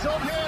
It's okay.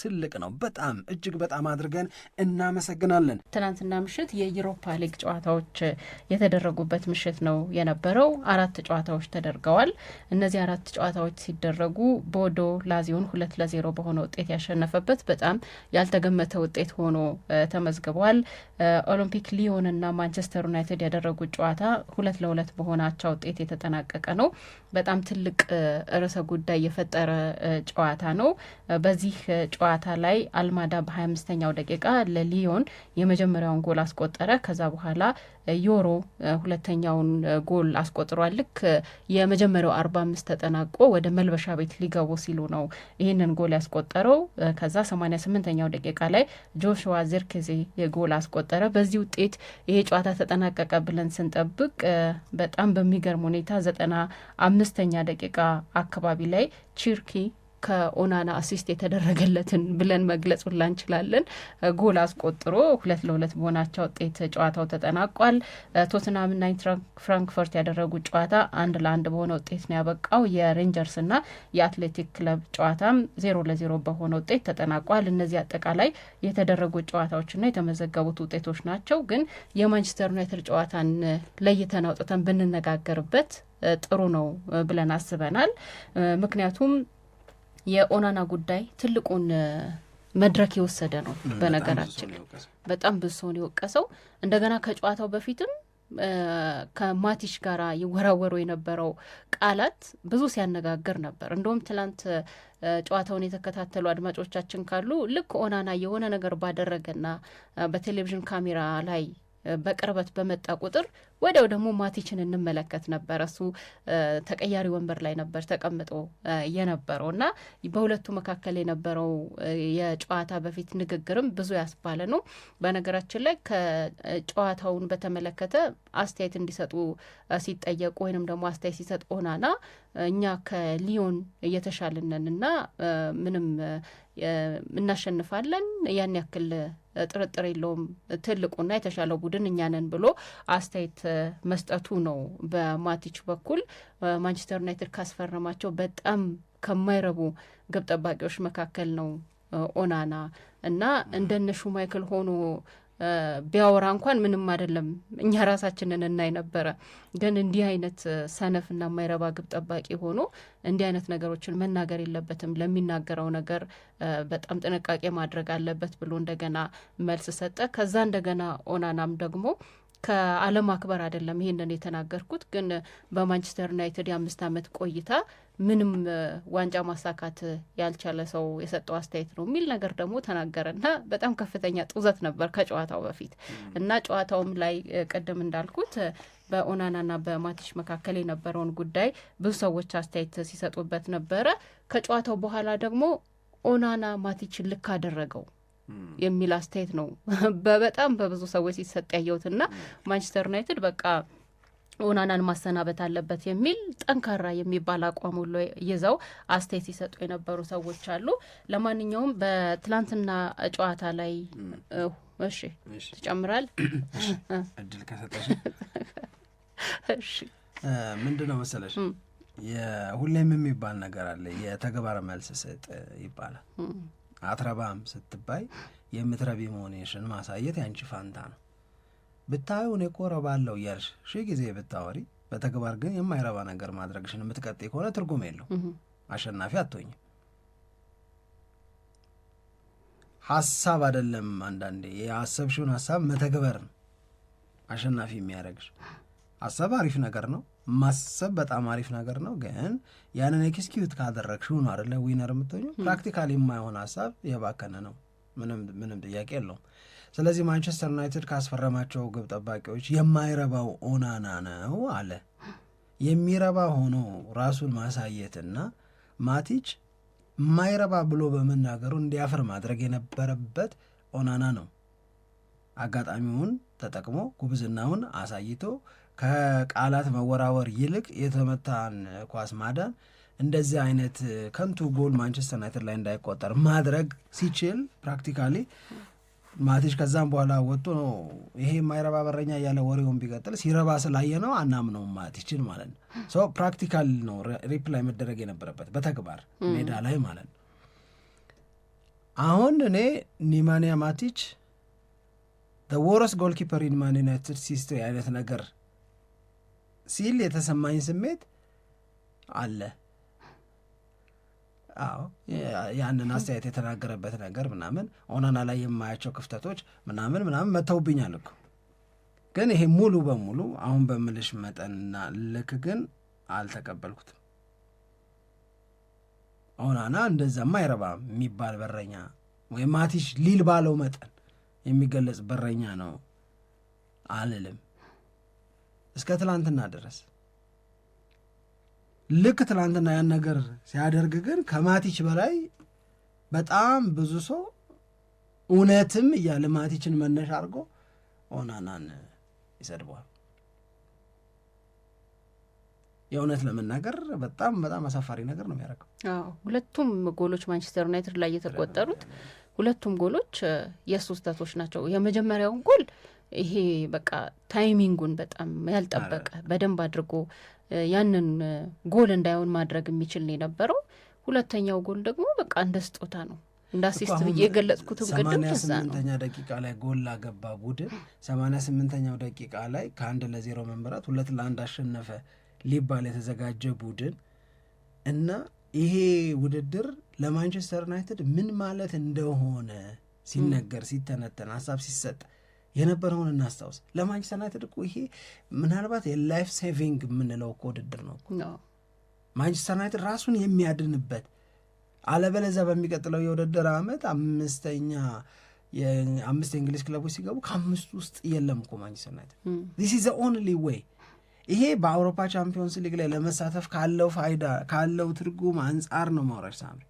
ትልቅ ነው። በጣም እጅግ በጣም አድርገን እናመሰግናለን። ትናንትና ምሽት የዩሮፓ ሊግ ጨዋታዎች የተደረጉበት ምሽት ነው የነበረው። አራት ጨዋታዎች ተደርገዋል። እነዚህ አራት ጨዋታዎች ሲደረጉ ቦዶ ላዚዮን ሁለት ለዜሮ በሆነ ውጤት ያሸነፈበት በጣም ያልተገመተ ውጤት ሆኖ ተመዝግቧል። ኦሎምፒክ ሊዮንና ማንቸስተር ዩናይትድ ያደረጉት ጨዋታ ሁለት ለሁለት በሆነ አቻ ውጤት የተጠናቀቀ ነው። በጣም ትልቅ ርዕሰ ጉዳይ የፈጠረ ጨዋታ ነው። በዚህ ጨዋታ ላይ አልማዳ በ25ኛው ደቂቃ ለሊዮን የመጀመሪያውን ጎል አስቆጠረ። ከዛ በኋላ ዮሮ ሁለተኛውን ጎል አስቆጥሯል። ልክ የመጀመሪያው አምስት ተጠናቆ ወደ መልበሻ ቤት ሊገቡ ሲሉ ነው ይህንን ጎል ያስቆጠረው። ከዛ 88 ስምንተኛው ደቂቃ ላይ ጆሹዋ ዚርክዜ ጎል አስቆጠረ። በዚህ ውጤት ይሄ ጨዋታ ተጠናቀቀ ብለን ስንጠብቅ በጣም በሚገርም ሁኔታ ዘጠና አምስተኛ ደቂቃ አካባቢ ላይ ቺርኪ ከኦናና አሲስት የተደረገለትን ብለን መግለጽ ሁላ እንችላለን። ጎል አስቆጥሮ ሁለት ለሁለት በሆናቸው ውጤት ጨዋታው ተጠናቋል። ቶትናምና ፍራንክፈርት ያደረጉ ጨዋታ አንድ ለአንድ በሆነ ውጤት ነው ያበቃው። የሬንጀርስና የአትሌቲክ ክለብ ጨዋታም ዜሮ ለዜሮ በሆነ ውጤት ተጠናቋል። እነዚህ አጠቃላይ የተደረጉ ጨዋታዎችና የተመዘገቡት ውጤቶች ናቸው። ግን የማንቸስተር ዩናይትድ ጨዋታን ለይተን አውጥተን ብንነጋገርበት ጥሩ ነው ብለን አስበናል። ምክንያቱም የኦናና ጉዳይ ትልቁን መድረክ የወሰደ ነው። በነገራችን በጣም ብዙ ሰውን የወቀሰው እንደገና ከጨዋታው በፊትም ከማቲሽ ጋር ይወራወሩ የነበረው ቃላት ብዙ ሲያነጋግር ነበር። እንደውም ትላንት ጨዋታውን የተከታተሉ አድማጮቻችን ካሉ ልክ ኦናና የሆነ ነገር ባደረገና በቴሌቪዥን ካሜራ ላይ በቅርበት በመጣ ቁጥር ወዲያው ደግሞ ማቲችን እንመለከት ነበር። እሱ ተቀያሪ ወንበር ላይ ነበር ተቀምጦ የነበረው እና በሁለቱ መካከል የነበረው የጨዋታ በፊት ንግግርም ብዙ ያስባለ ነው። በነገራችን ላይ ከጨዋታውን በተመለከተ አስተያየት እንዲሰጡ ሲጠየቁ ወይንም ደግሞ አስተያየት ሲሰጥ ኦናና እኛ ከሊዮን እየተሻልነን እና ምንም እናሸንፋለን ያን ያክል ጥርጥር የለውም ትልቁና የተሻለው ቡድን እኛ ብሎ አስተያየት መስጠቱ ነው። በማቲች በኩል ማንቸስተር ዩናይትድ ካስፈረማቸው በጣም ከማይረቡ ግብ ጠባቂዎች መካከል ነው ኦናና እና እንደነሹ ማይክል ሆኖ ቢያወራ እንኳን ምንም አይደለም፣ እኛ ራሳችንን እናይ ነበረ። ግን እንዲህ አይነት ሰነፍና የማይረባ ግብ ጠባቂ ሆኖ እንዲህ አይነት ነገሮችን መናገር የለበትም፣ ለሚናገረው ነገር በጣም ጥንቃቄ ማድረግ አለበት ብሎ እንደገና መልስ ሰጠ። ከዛ እንደገና ኦናናም ደግሞ ከአለም አክበር አይደለም ይሄንን የተናገርኩት፣ ግን በማንቸስተር ዩናይትድ የአምስት አመት ቆይታ ምንም ዋንጫ ማሳካት ያልቻለ ሰው የሰጠው አስተያየት ነው የሚል ነገር ደግሞ ተናገረ እና በጣም ከፍተኛ ጡዘት ነበር ከጨዋታው በፊት እና ጨዋታውም ላይ ቅድም እንዳልኩት በኦናናና በማቲሽ መካከል የነበረውን ጉዳይ ብዙ ሰዎች አስተያየት ሲሰጡበት ነበረ። ከጨዋታው በኋላ ደግሞ ኦናና ማቲች ልክ አደረገው የሚል አስተያየት ነው በበጣም በብዙ ሰዎች ሲሰጥ ያየሁትና ማንቸስተር ዩናይትድ በቃ ኦናናን ማሰናበት አለበት የሚል ጠንካራ የሚባል አቋም ሁሉ ይዘው አስተያየት ሲሰጡ የነበሩ ሰዎች አሉ። ለማንኛውም በትላንትና ጨዋታ ላይ እሺ፣ ትጨምራል እድል ከሰጠሽ ምንድን ነው መሰለሽ የሁሌም የሚባል ነገር አለ፣ የተግባር መልስ ስጥ ይባላል። አትረባም ስትባይ የምትረቢ መሆንሽን ማሳየት ያንቺ ፋንታ ነው። ብታዩን እኔ እኮ እያልሽ ሺህ ጊዜ ብታወሪ በተግባር ግን የማይረባ ነገር ማድረግሽን የምትቀጥ ከሆነ ትርጉም የለው፣ አሸናፊ አትሆኝም። ሀሳብ አይደለም አንዳንዴ የአሰብሽውን ሀሳብ መተግበር ነው አሸናፊ የሚያደርግሽ። አሰብ አሪፍ ነገር ነው፣ ማሰብ በጣም አሪፍ ነገር ነው። ግን ያንን ኤክስኪዩት ካደረግሽው ነው አደለ ዊነር የምትሆኙ። ፕራክቲካል የማይሆን ሀሳብ የባከነ ነው፣ ምንም ጥያቄ የለውም። ስለዚህ ማንቸስተር ዩናይትድ ካስፈረማቸው ግብ ጠባቂዎች የማይረባው ኦናና ነው አለ። የሚረባ ሆኖ ራሱን ማሳየትና ማቲች የማይረባ ብሎ በመናገሩ እንዲያፍር ማድረግ የነበረበት ኦናና ነው። አጋጣሚውን ተጠቅሞ ጉብዝናውን አሳይቶ ከቃላት መወራወር ይልቅ የተመታን ኳስ ማዳን፣ እንደዚህ አይነት ከንቱ ጎል ማንቸስተር ዩናይትድ ላይ እንዳይቆጠር ማድረግ ሲችል ፕራክቲካሊ ማቲች ከዛም በኋላ ወጥቶ ነው ይሄ የማይረባ በረኛ እያለ ወሬውን ቢቀጥል ሲረባ ስላየ ነው አናምነውም ማቲችን ማለት ነው። ሰው ፕራክቲካል ነው ሪፕላይ መደረግ የነበረበት በተግባር ሜዳ ላይ ማለት ነው። አሁን እኔ ኒማንያ ማቲች ወረስ ጎልኪፐር ኢን ማን ዩናይትድ ሲስትሪ አይነት ነገር ሲል የተሰማኝ ስሜት አለ። ያንን አስተያየት የተናገረበት ነገር ምናምን ኦናና ላይ የማያቸው ክፍተቶች ምናምን ምናምን መተውብኛል እኮ ግን ይሄ ሙሉ በሙሉ አሁን በምልሽ መጠንና ልክ ግን አልተቀበልኩትም። ኦናና እንደዛማ አይረባም የሚባል በረኛ ወይም ማቲሽ ሊል ባለው መጠን የሚገለጽ በረኛ ነው አልልም እስከ ትላንትና ድረስ ልክ ትናንትና ያን ነገር ሲያደርግ ግን ከማቲች በላይ በጣም ብዙ ሰው እውነትም እያለ ማቲችን መነሻ አድርጎ ኦናናን ይሰድበዋል። የእውነት ለመናገር በጣም በጣም አሳፋሪ ነገር ነው የሚያደርገው። ሁለቱም ጎሎች ማንቸስተር ዩናይትድ ላይ የተቆጠሩት ሁለቱም ጎሎች የእሱ ስህተቶች ናቸው። የመጀመሪያውን ጎል ይሄ በቃ ታይሚንጉን በጣም ያልጠበቀ በደንብ አድርጎ ያንን ጎል እንዳይሆን ማድረግ የሚችል ነው የነበረው። ሁለተኛው ጎል ደግሞ በቃ እንደ ስጦታ ነው እንደ አሲስት ብዬ የገለጽኩትም ቅድም ከዛ ነው ደቂቃ ላይ ጎል ላገባ ቡድን 88 ስምንተኛው ደቂቃ ላይ ከአንድ ለዜሮ መምራት ሁለት ለአንድ አሸነፈ ሊባል የተዘጋጀ ቡድን እና ይሄ ውድድር ለማንቸስተር ዩናይትድ ምን ማለት እንደሆነ ሲነገር ሲተነተን ሀሳብ ሲሰጥ የነበረውን እናስታውስ። ለማንቸስተር ዩናይትድ እኮ ይሄ ምናልባት የላይፍ ሴቪንግ የምንለው እኮ ውድድር ነው። ማንቸስተር ዩናይትድ ራሱን የሚያድንበት አለበለዚያ በሚቀጥለው የውድድር ዓመት አምስተኛ አምስት የእንግሊዝ ክለቦች ሲገቡ ከአምስቱ ውስጥ የለም እኮ ማንቸስተር ዩናይትድ። ዚስ ኢዝ ኦንሊ ዌይ ይሄ በአውሮፓ ቻምፒዮንስ ሊግ ላይ ለመሳተፍ ካለው ፋይዳ ካለው ትርጉም አንጻር ነው ማውራድ ሳሚ።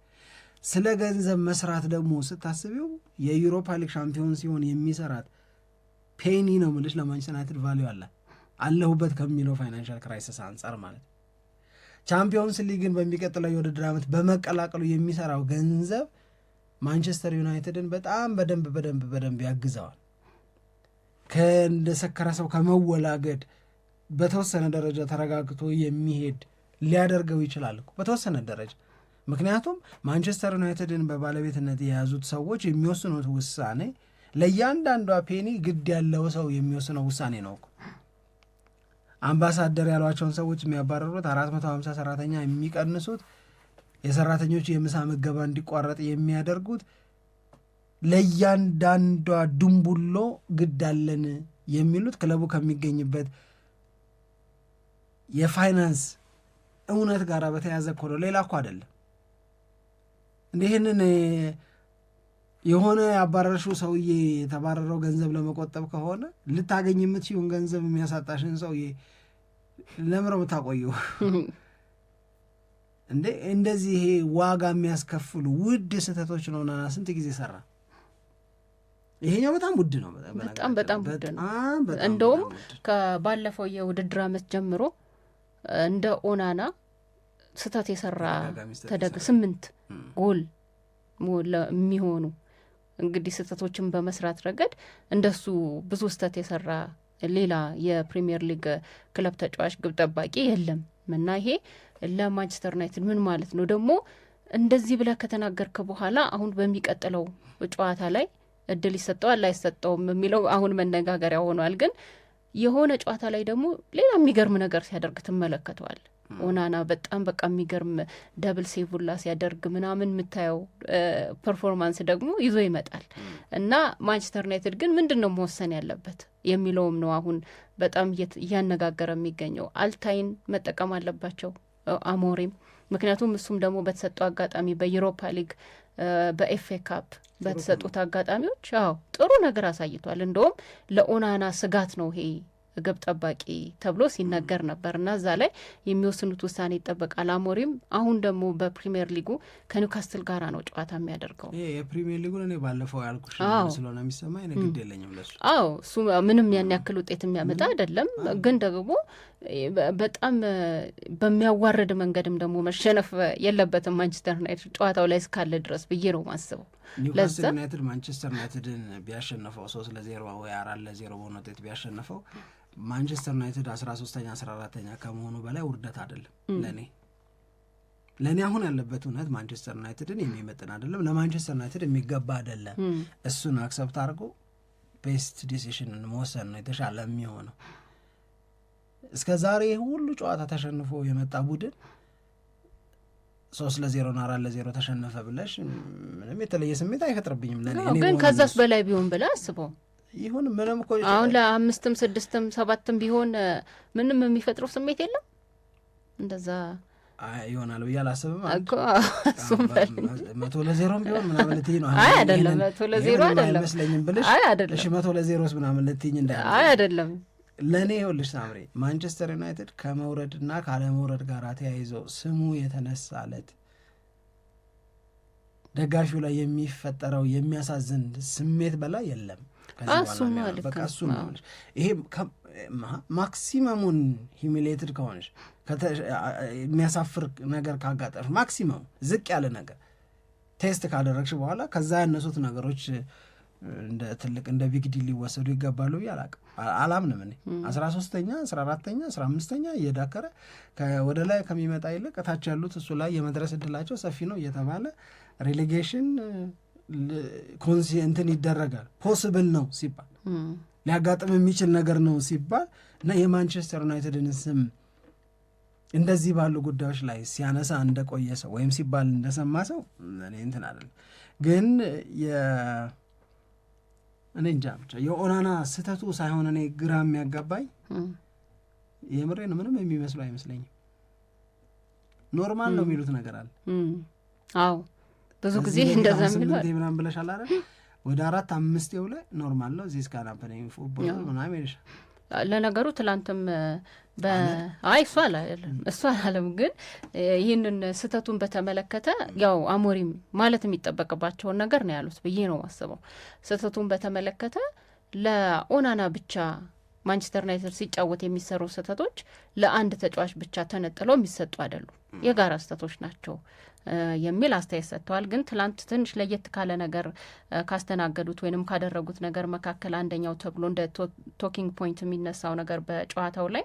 ስለ ገንዘብ መስራት ደግሞ ስታስቢው የዩሮፓ ሊግ ሻምፒዮን ሲሆን የሚሰራት ፔኒ ነው ምልሽ ለማንቸስተር ዩናይትድ ቫሊዩ አለሁበት ከሚለው ፋይናንሻል ክራይሲስ አንጻር ማለት ቻምፒዮንስ ሊግን በሚቀጥለው የውድድር ዓመት በመቀላቀሉ የሚሰራው ገንዘብ ማንቸስተር ዩናይትድን በጣም በደንብ በደንብ በደንብ ያግዘዋል። ከእንደሰከረ ሰው ከመወላገድ በተወሰነ ደረጃ ተረጋግቶ የሚሄድ ሊያደርገው ይችላል በተወሰነ ደረጃ። ምክንያቱም ማንቸስተር ዩናይትድን በባለቤትነት የያዙት ሰዎች የሚወስኑት ውሳኔ ለእያንዳንዷ ፔኒ ግድ ያለው ሰው የሚወስነው ውሳኔ ነው አምባሳደር ያሏቸውን ሰዎች የሚያባረሩት፣ አራት መቶ ሀምሳ ሰራተኛ የሚቀንሱት፣ የሰራተኞቹ የምሳ ምገባ እንዲቋረጥ የሚያደርጉት ለእያንዳንዷ ድንቡሎ ግድ አለን የሚሉት ክለቡ ከሚገኝበት የፋይናንስ እውነት ጋር በተያያዘ እኮ ነው። ሌላ እኮ አይደለም እንዲህንን የሆነ ያባረርሹ ሰውዬ የተባረረው ገንዘብ ለመቆጠብ ከሆነ ልታገኝ የምትችውን ገንዘብ የሚያሳጣሽን ሰውዬ ለምረ ታቆየው እንዴ! እንደዚህ ይሄ ዋጋ የሚያስከፍሉ ውድ ስህተቶች ነው። ና ስንት ጊዜ ሰራ። ይሄኛው በጣም ውድ ነው፣ በጣም በጣም ውድ ነው። እንደውም ከባለፈው የውድድር አመት ጀምሮ እንደ ኦናና ስህተት የሰራ ተደግ ስምንት ጎል የሚሆኑ እንግዲህ ስህተቶችን በመስራት ረገድ እንደሱ ብዙ ስህተት የሰራ ሌላ የፕሪሚየር ሊግ ክለብ ተጫዋች ግብ ጠባቂ የለም እና ይሄ ለማንቸስተር ዩናይትድ ምን ማለት ነው ደግሞ እንደዚህ ብለህ ከተናገርክ በኋላ አሁን በሚቀጥለው ጨዋታ ላይ እድል ይሰጠዋል አይሰጠውም የሚለው አሁን መነጋገሪያ ሆኗል። ግን የሆነ ጨዋታ ላይ ደግሞ ሌላ የሚገርም ነገር ሲያደርግ ትመለከተዋል። ኦናና በጣም በቃ የሚገርም ደብል ሴቡላ ሲያደርግ ምናምን የምታየው ፐርፎርማንስ ደግሞ ይዞ ይመጣል እና ማንቸስተር ዩናይትድ ግን ምንድን ነው መወሰን ያለበት የሚለውም ነው አሁን በጣም እያነጋገረ የሚገኘው። አልታይን መጠቀም አለባቸው አሞሪም ምክንያቱም እሱም ደግሞ በተሰጠው አጋጣሚ በዩሮፓ ሊግ በኤፍ ካፕ በተሰጡት አጋጣሚዎች አዎ ጥሩ ነገር አሳይቷል። እንደውም ለኦናና ስጋት ነው ይሄ ግብ ጠባቂ ተብሎ ሲነገር ነበር እና እዛ ላይ የሚወስኑት ውሳኔ ይጠበቃል። አሞሪም አሁን ደግሞ በፕሪሚየር ሊጉ ከኒውካስትል ጋራ ነው ጨዋታ የሚያደርገው። የፕሪሚየር ሊጉን እኔ ባለፈው ያልኩሽ ስለሆነ የሚሰማኝ እኔ ግድ የለኝም ለሱ። አዎ እሱ ምንም ያን ያክል ውጤት የሚያመጣ አይደለም፣ ግን ደግሞ በጣም በሚያዋርድ መንገድም ደግሞ መሸነፍ የለበትም ማንቸስተር ዩናይትድ ጨዋታው ላይ እስካለ ድረስ ብዬ ነው ማስበው። ኒውካስል ዩናይትድ ማንቸስተር ዩናይትድን ቢያሸንፈው ሶስት ለዜሮ ወይ አራት ለዜሮ በሆነ ውጤት ቢያሸንፈው ማንቸስተር ዩናይትድ አስራ ሶስተኛ አስራ አራተኛ ከመሆኑ በላይ ውርደት አይደለም ለእኔ ለእኔ አሁን ያለበት እውነት ማንቸስተር ዩናይትድን የሚመጥን አይደለም፣ ለማንቸስተር ዩናይትድ የሚገባ አይደለም። እሱን አክሰብት አድርጎ ቤስት ዲሲሽንን መወሰን ነው የተሻለ የሚሆነው። እስከ ዛሬ ሁሉ ጨዋታ ተሸንፎ የመጣ ቡድን ሶስት ለዜሮ ና አራት ለዜሮ ተሸነፈ ብለሽ ምንም የተለየ ስሜት አይፈጥርብኝም። ግን ከዛስ በላይ ቢሆን ብለ አስበው ይሁን ምንም እኮ አሁን ለአምስትም ስድስትም ሰባትም ቢሆን ምንም የሚፈጥረው ስሜት የለም። እንደዛ ይሆናል ብዬ አላስብም። መቶ ለዜሮም ቢሆን ምናምን ልትይኝ ነው? አይ አይደለም፣ መቶ ለዜሮ አይደለም አይመስለኝም ብልሽ፣ አይ አይደለም፣ እሺ መቶ ለዜሮስ ምናምን ልትይኝ እንዳይ አይ አይደለም ለእኔ ይኸውልሽ ሳምሬ ማንቸስተር ዩናይትድ ከመውረድና ካለመውረድ ጋር ተያይዞ ስሙ የተነሳለት ደጋፊው ላይ የሚፈጠረው የሚያሳዝን ስሜት በላይ የለም። በቃ እሱ ይሄ ማክሲመሙን ሂሚሌትድ ከሆንሽ የሚያሳፍር ነገር ካጋጠመሽ ማክሲመሙ ዝቅ ያለ ነገር ቴስት ካደረግሽ በኋላ ከዛ ያነሱት ነገሮች እንደ ትልቅ እንደ ቢግ ዲል ሊወሰዱ ይገባሉ ብዬ አላቅም አላምንም። እኔ አስራ ሶስተኛ አስራ አራተኛ አስራ አምስተኛ እየዳከረ ወደ ላይ ከሚመጣ ይልቅ እታች ያሉት እሱ ላይ የመድረስ እድላቸው ሰፊ ነው እየተባለ ሬሌጌሽን እንትን ይደረጋል። ፖስብል ነው ሲባል ሊያጋጥም የሚችል ነገር ነው ሲባል እና የማንቸስተር ዩናይትድን ስም እንደዚህ ባሉ ጉዳዮች ላይ ሲያነሳ እንደቆየ ሰው ወይም ሲባል እንደሰማ ሰው እኔ እንትን አለ ግን እኔ እንጃ ብቻ የኦናና ስህተቱ ሳይሆን እኔ ግራ የሚያጋባኝ የምሬ ነው። ምንም የሚመስሉ አይመስለኝም። ኖርማል ነው የሚሉት ነገር አለ። አዎ ብዙ ጊዜ እንደዛ ስምንት ምናምን ብለሻል አይደል? ወደ አራት አምስት የውለ ኖርማል ነው እዚህ እስካናበነ ፉትቦል ምናምን ይልሻል ለነገሩ ትላንትም አይ እሱ አላለም እሱ አላለም፣ ግን ይህንን ስህተቱን በተመለከተ ያው አሞሪም ማለት የሚጠበቅባቸውን ነገር ነው ያሉት ብዬ ነው ማስበው። ስህተቱን በተመለከተ ለኦናና ብቻ ማንቸስተር ዩናይትድ ሲጫወት የሚሰሩ ስህተቶች ለአንድ ተጫዋች ብቻ ተነጥለው የሚሰጡ አይደሉም፣ የጋራ ስህተቶች ናቸው። የሚል አስተያየት ሰጥተዋል። ግን ትላንት ትንሽ ለየት ካለ ነገር ካስተናገዱት ወይንም ካደረጉት ነገር መካከል አንደኛው ተብሎ እንደ ቶኪንግ ፖይንት የሚነሳው ነገር በጨዋታው ላይ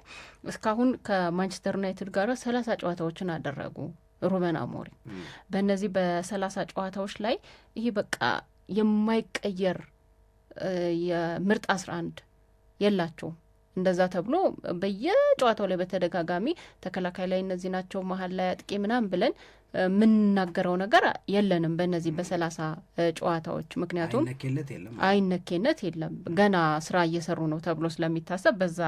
እስካሁን ከማንቸስተር ዩናይትድ ጋር ሰላሳ ጨዋታዎችን አደረጉ ሩበን አሞሪ በእነዚህ በሰላሳ ጨዋታዎች ላይ ይሄ በቃ የማይቀየር የምርጥ አስራ አንድ የላቸውም እንደዛ ተብሎ በየጨዋታው ላይ በተደጋጋሚ ተከላካይ ላይ እነዚህ ናቸው፣ መሀል ላይ አጥቂ ምናምን ብለን የምንናገረው ነገር የለንም በእነዚህ በሰላሳ ጨዋታዎች ምክንያቱም አይነኬነት የለም። ገና ስራ እየሰሩ ነው ተብሎ ስለሚታሰብ በዛ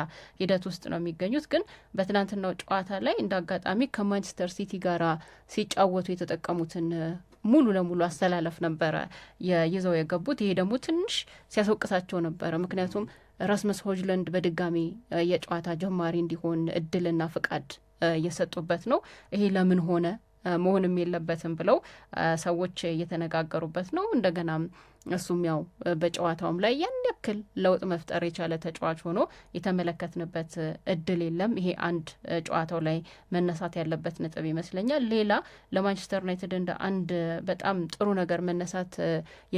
ሂደት ውስጥ ነው የሚገኙት። ግን በትናንትናው ጨዋታ ላይ እንደ አጋጣሚ ከማንቸስተር ሲቲ ጋር ሲጫወቱ የተጠቀሙትን ሙሉ ለሙሉ አሰላለፍ ነበረ ይዘው የገቡት። ይሄ ደግሞ ትንሽ ሲያስወቅሳቸው ነበረ ምክንያቱም ራስመስ ሆጅለንድ በድጋሚ የጨዋታ ጀማሪ እንዲሆን እድልና ፍቃድ እየሰጡበት ነው። ይሄ ለምን ሆነ መሆንም የለበትም ብለው ሰዎች እየተነጋገሩበት ነው። እንደገናም እሱም ያው በጨዋታውም ላይ ያን ያክል ለውጥ መፍጠር የቻለ ተጫዋች ሆኖ የተመለከትንበት እድል የለም። ይሄ አንድ ጨዋታው ላይ መነሳት ያለበት ነጥብ ይመስለኛል። ሌላ ለማንቸስተር ዩናይትድ እንደ አንድ በጣም ጥሩ ነገር መነሳት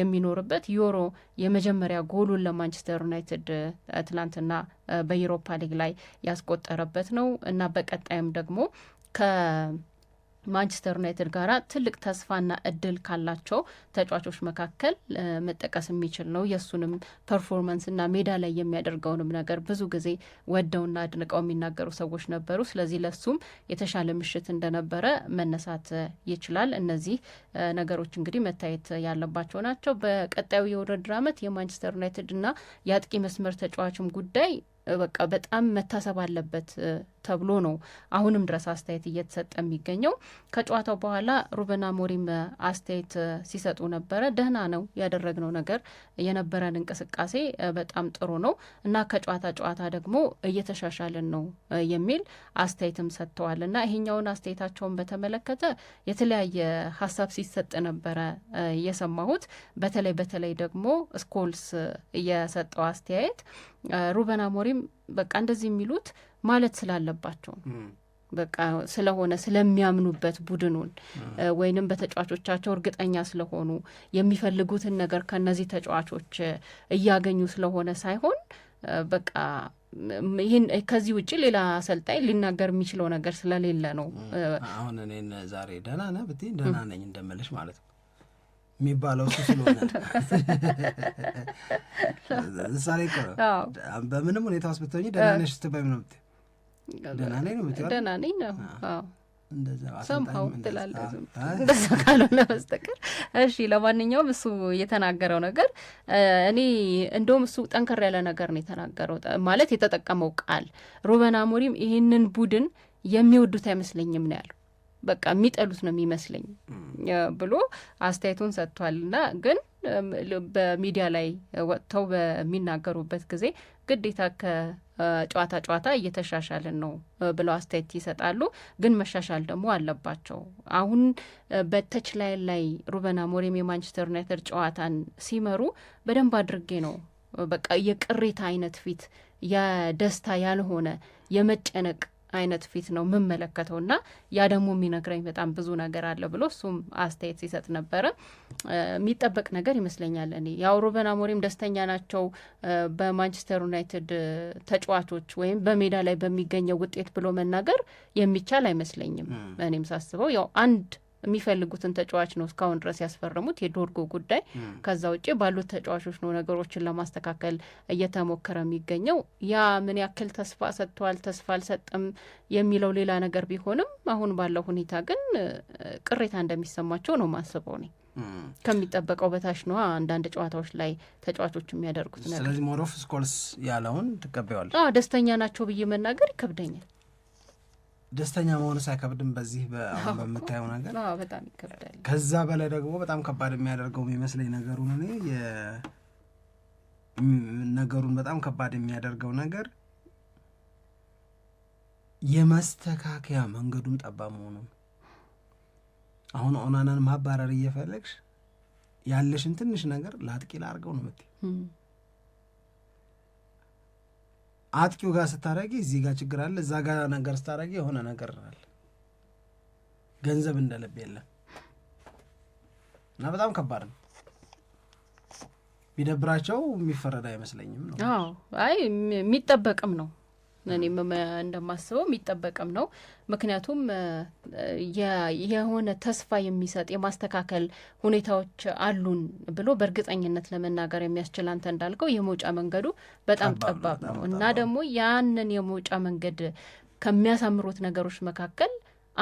የሚኖርበት ዮሮ የመጀመሪያ ጎሉን ለማንቸስተር ዩናይትድ ትናንትና በዩሮፓ ሊግ ላይ ያስቆጠረበት ነው እና በቀጣይም ደግሞ ከ ማንቸስተር ዩናይትድ ጋራ ትልቅ ተስፋና እድል ካላቸው ተጫዋቾች መካከል መጠቀስ የሚችል ነው። የእሱንም ፐርፎርማንስና ሜዳ ላይ የሚያደርገውንም ነገር ብዙ ጊዜ ወደውና አድንቀው የሚናገሩ ሰዎች ነበሩ። ስለዚህ ለሱም የተሻለ ምሽት እንደነበረ መነሳት ይችላል። እነዚህ ነገሮች እንግዲህ መታየት ያለባቸው ናቸው። በቀጣዩ የውድድር ዓመት የማንቸስተር ዩናይትድና የአጥቂ መስመር ተጫዋችም ጉዳይ በቃ በጣም መታሰብ አለበት ተብሎ ነው አሁንም ድረስ አስተያየት እየተሰጠ የሚገኘው። ከጨዋታው በኋላ ሩበን አሞሪም አስተያየት ሲሰጡ ነበረ። ደህና ነው ያደረግነው ነገር፣ የነበረን እንቅስቃሴ በጣም ጥሩ ነው እና ከጨዋታ ጨዋታ ደግሞ እየተሻሻልን ነው የሚል አስተያየትም ሰጥተዋል እና ይሄኛውን አስተያየታቸውን በተመለከተ የተለያየ ሀሳብ ሲሰጥ ነበረ የሰማሁት። በተለይ በተለይ ደግሞ ስኮልስ የሰጠው አስተያየት ሩበን አሞሪም በቃ እንደዚህ የሚሉት ማለት ስላለባቸው በቃ ስለሆነ ስለሚያምኑበት ቡድኑን ወይንም በተጫዋቾቻቸው እርግጠኛ ስለሆኑ የሚፈልጉትን ነገር ከእነዚህ ተጫዋቾች እያገኙ ስለሆነ ሳይሆን በቃ ይህን ከዚህ ውጭ ሌላ አሰልጣኝ ሊናገር የሚችለው ነገር ስለሌለ ነው። አሁን እኔን ዛሬ ደህና ነህ ብትይ ደህና ነኝ እንደምልሽ ማለት ነው የሚባለው እሱ ስለሆነ ዛሬ በምንም ሁኔታ ውስጥ ብትሆኝ ደህና ነሽ ስትባይ ነው ብትይ ደህና ነኝ ነው የምትለው። ደህና ነኝ ነው እንደዛ ካልሆነ በስተቀር እሺ። ለማንኛውም እሱ የተናገረው ነገር እኔ እንደውም እሱ ጠንከር ያለ ነገር ነው የተናገረው። ማለት የተጠቀመው ቃል ሩበን አሞሪም ይህንን ቡድን የሚወዱት አይመስለኝም ነው ያለው። በቃ የሚጠሉት ነው የሚመስለኝ ብሎ አስተያየቱን ሰጥቷል። ሰጥቷልና ግን በሚዲያ ላይ ወጥተው በሚናገሩበት ጊዜ ግዴታ ከጨዋታ ጨዋታ እየተሻሻልን ነው ብለው አስተያየት ይሰጣሉ። ግን መሻሻል ደግሞ አለባቸው። አሁን በተች ላይ ላይ ሩበን አሞሪም የማንቸስተር ዩናይትድ ጨዋታን ሲመሩ በደንብ አድርጌ ነው በቃ የቅሬታ አይነት ፊት የደስታ ያልሆነ የመጨነቅ አይነት ፊት ነው የምመለከተው እና ያ ደግሞ የሚነግረኝ በጣም ብዙ ነገር አለ ብሎ እሱም አስተያየት ሲሰጥ ነበረ። የሚጠበቅ ነገር ይመስለኛል። እኔ ያው ሩበን አሞሪም ደስተኛ ናቸው በማንቸስተር ዩናይትድ ተጫዋቾች ወይም በሜዳ ላይ በሚገኘው ውጤት ብሎ መናገር የሚቻል አይመስለኝም። እኔም ሳስበው ያው አንድ የሚፈልጉትን ተጫዋች ነው እስካሁን ድረስ ያስፈረሙት። የዶርጎ ጉዳይ ከዛ ውጭ ባሉት ተጫዋቾች ነው ነገሮችን ለማስተካከል እየተሞከረ የሚገኘው። ያ ምን ያክል ተስፋ ሰጥቷል፣ ተስፋ አልሰጥም የሚለው ሌላ ነገር ቢሆንም አሁን ባለው ሁኔታ ግን ቅሬታ እንደሚሰማቸው ነው ማስበው ነኝ። ከሚጠበቀው በታች ነዋ አንዳንድ ጨዋታዎች ላይ ተጫዋቾች የሚያደርጉት ነገር። ስለዚህ ሞሮፍ ስኮልስ ያለውን ትቀበዋል። ደስተኛ ናቸው ብዬ መናገር ይከብደኛል። ደስተኛ መሆን ሳይከብድም በዚህ አሁን በምታየው ነገር በጣም ይከብዳል። ከዛ በላይ ደግሞ በጣም ከባድ የሚያደርገው የሚመስለኝ ነገሩን እኔ ነገሩን በጣም ከባድ የሚያደርገው ነገር የመስተካከያ መንገዱም ጠባብ መሆኑን። አሁን ኦናናን ማባረር እየፈለግሽ ያለሽን ትንሽ ነገር ለአጥቂ ላርገው ነው የምትይው አጥቂው ጋር ስታረጊ እዚህ ጋር ችግር አለ፣ እዛ ጋር ነገር ስታረጊ የሆነ ነገር አለ። ገንዘብ እንደልብ የለም እና በጣም ከባድ ነው። ቢደብራቸው የሚፈረድ አይመስለኝም ነው። አይ የሚጠበቅም ነው። እኔም እንደማስበው የሚጠበቅም ነው። ምክንያቱም የሆነ ተስፋ የሚሰጥ የማስተካከል ሁኔታዎች አሉን ብሎ በእርግጠኝነት ለመናገር የሚያስችል አንተ እንዳልከው የመውጫ መንገዱ በጣም ጠባብ ነው እና ደግሞ ያንን የመውጫ መንገድ ከሚያሳምሩት ነገሮች መካከል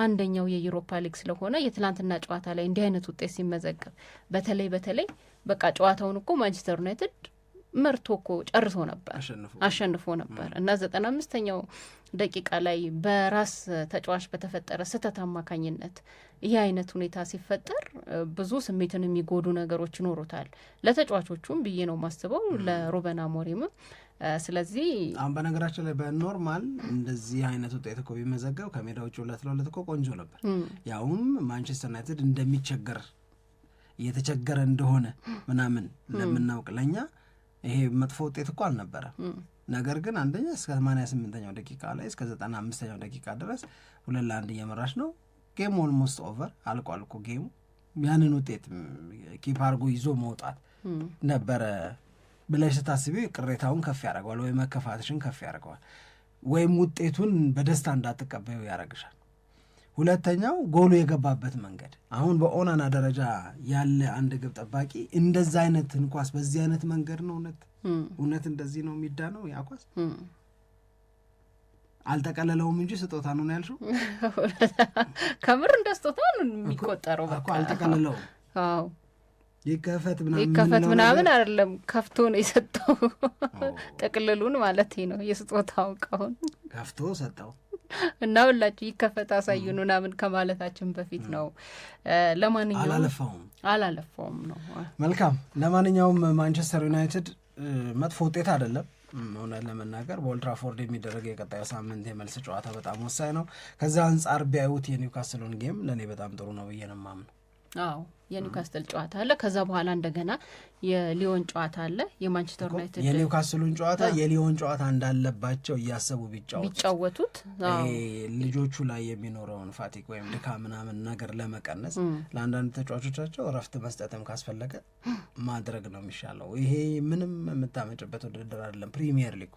አንደኛው የዩሮፓ ሊግ ስለሆነ የትላንትና ጨዋታ ላይ እንዲህ አይነት ውጤት ሲመዘገብ በተለይ በተለይ በቃ ጨዋታውን እኮ ማንቸስተር ዩናይትድ መርቶ እኮ ጨርሶ ነበር አሸንፎ ነበር እና ዘጠና አምስተኛው ደቂቃ ላይ በራስ ተጫዋች በተፈጠረ ስህተት አማካኝነት ይህ አይነት ሁኔታ ሲፈጠር ብዙ ስሜትን የሚጎዱ ነገሮች ይኖሩታል ለተጫዋቾቹም ብዬ ነው ማስበው ለሩበን አሞሪምም ስለዚህ አሁን በነገራችን ላይ በኖርማል እንደዚህ አይነት ውጤት እኮ ቢመዘገብ ከሜዳ ውጭ ሁለት ለሁለት እኮ ቆንጆ ነበር ያውም ማንቸስተር ዩናይትድ እንደሚቸገር እየተቸገረ እንደሆነ ምናምን ለምናውቅ ለኛ ይሄ መጥፎ ውጤት እኮ አልነበረም። ነገር ግን አንደኛ እስከ 8 ኛው ደቂቃ ላይ እስከ 95ኛው ደቂቃ ድረስ ሁለት ለአንድ እየመራች ነው። ጌም ኦልሞስት ኦቨር አልቋል እኮ ጌሙ። ያንን ውጤት ኪፕ አድርጎ ይዞ መውጣት ነበረ ብለሽ ስታስቢ ቅሬታውን ከፍ ያደርገዋል፣ ወይም መከፋትሽን ከፍ ያደርገዋል፣ ወይም ውጤቱን በደስታ እንዳትቀበዩ ያደርግሻል። ሁለተኛው ጎሉ የገባበት መንገድ አሁን በኦናና ደረጃ ያለ አንድ ግብ ጠባቂ እንደዛ አይነት ኳስ በዚህ አይነት መንገድ ነው እውነት እውነት እንደዚህ ነው የሚዳ ነው ያ ኳስ አልጠቀለለውም እንጂ ስጦታ ነው ያልሽው። ከምር እንደ ስጦታ ነው የሚቆጠረው። አልጠቀለለውም ይከፈት ይከፈት ምናምን አይደለም፣ ከፍቶ ነው የሰጠው። ጥቅልሉን ማለት ነው የስጦታው እቃውን ከፍቶ ሰጠው። እና ሁላችሁ ይከፈት አሳዩን ምናምን ከማለታችን በፊት ነው። ለማንኛውም አላለፋውም አላለፈውም ነው። መልካም ለማንኛውም ማንቸስተር ዩናይትድ መጥፎ ውጤት አይደለም። እውነት ለመናገር በኦልትራፎርድ የሚደረግ የቀጣዩ ሳምንት የመልስ ጨዋታ በጣም ወሳኝ ነው። ከዛ አንጻር ቢያዩት የኒውካስሉን ጌም ለእኔ በጣም ጥሩ ነው ብዬ ነው የማምነው። አዎ የኒውካስትል ጨዋታ አለ። ከዛ በኋላ እንደገና የሊዮን ጨዋታ አለ። የማንቸስተር ዩናይትድ የኒውካስትሉን ጨዋታ የሊዮን ጨዋታ እንዳለባቸው እያሰቡ ቢጫወቱት ልጆቹ ላይ የሚኖረውን ፋቲክ ወይም ድካ ምናምን ነገር ለመቀነስ ለአንዳንድ ተጫዋቾቻቸው እረፍት መስጠትም ካስፈለገ ማድረግ ነው የሚሻለው። ይሄ ምንም የምታመጭበት ውድድር አይደለም። ፕሪሚየር ሊጉ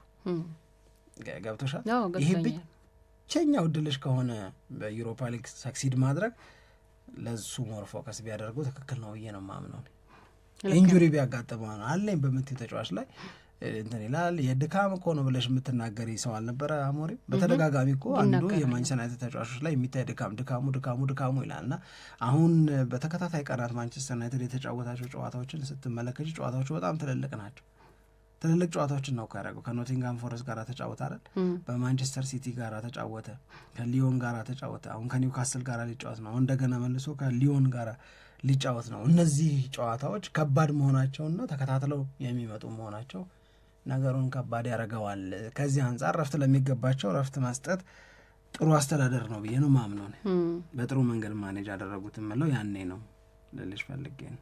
ገብቶሻል። ይሄ ብቸኛው ድልሽ ከሆነ በዩሮፓ ሊግ ሰክሲድ ማድረግ ለሱ ሞር ፎከስ ቢያደርጉ ትክክል ነው ብዬ ነው ማምነው። ኢንጁሪ ቢያጋጥመው ነው አለኝ በምትይው ተጫዋች ላይ እንትን ይላል። የድካም እኮ ነው ብለሽ የምትናገር ሰው አልነበረ አሞሪ? በተደጋጋሚ እኮ አንዱ የማንቸስተር ዩናይትድ ተጫዋቾች ላይ የሚታይ ድካም ድካሙ ድካሙ ድካሙ ይላል እና አሁን በተከታታይ ቀናት ማንቸስተር ዩናይትድ የተጫወታቸው ጨዋታዎችን ስትመለከች ጨዋታዎቹ በጣም ትልልቅ ናቸው። ትልልቅ ጨዋታዎችን ነው እኮ ያደረገው። ከኖቲንጋም ፎረስት ጋር ተጫወተ አይደል? በማንቸስተር ሲቲ ጋር ተጫወተ፣ ከሊዮን ጋር ተጫወተ፣ አሁን ከኒውካስል ጋር ሊጫወት ነው። አሁን እንደገና መልሶ ከሊዮን ጋር ሊጫወት ነው። እነዚህ ጨዋታዎች ከባድ መሆናቸውና ተከታትለው የሚመጡ መሆናቸው ነገሩን ከባድ ያደርገዋል። ከዚህ አንጻር ረፍት ለሚገባቸው ረፍት መስጠት ጥሩ አስተዳደር ነው ብዬ ነው ማምነው። በጥሩ መንገድ ማኔጅ ያደረጉት የምለው ያኔ ነው ልልሽ ፈልጌ ነው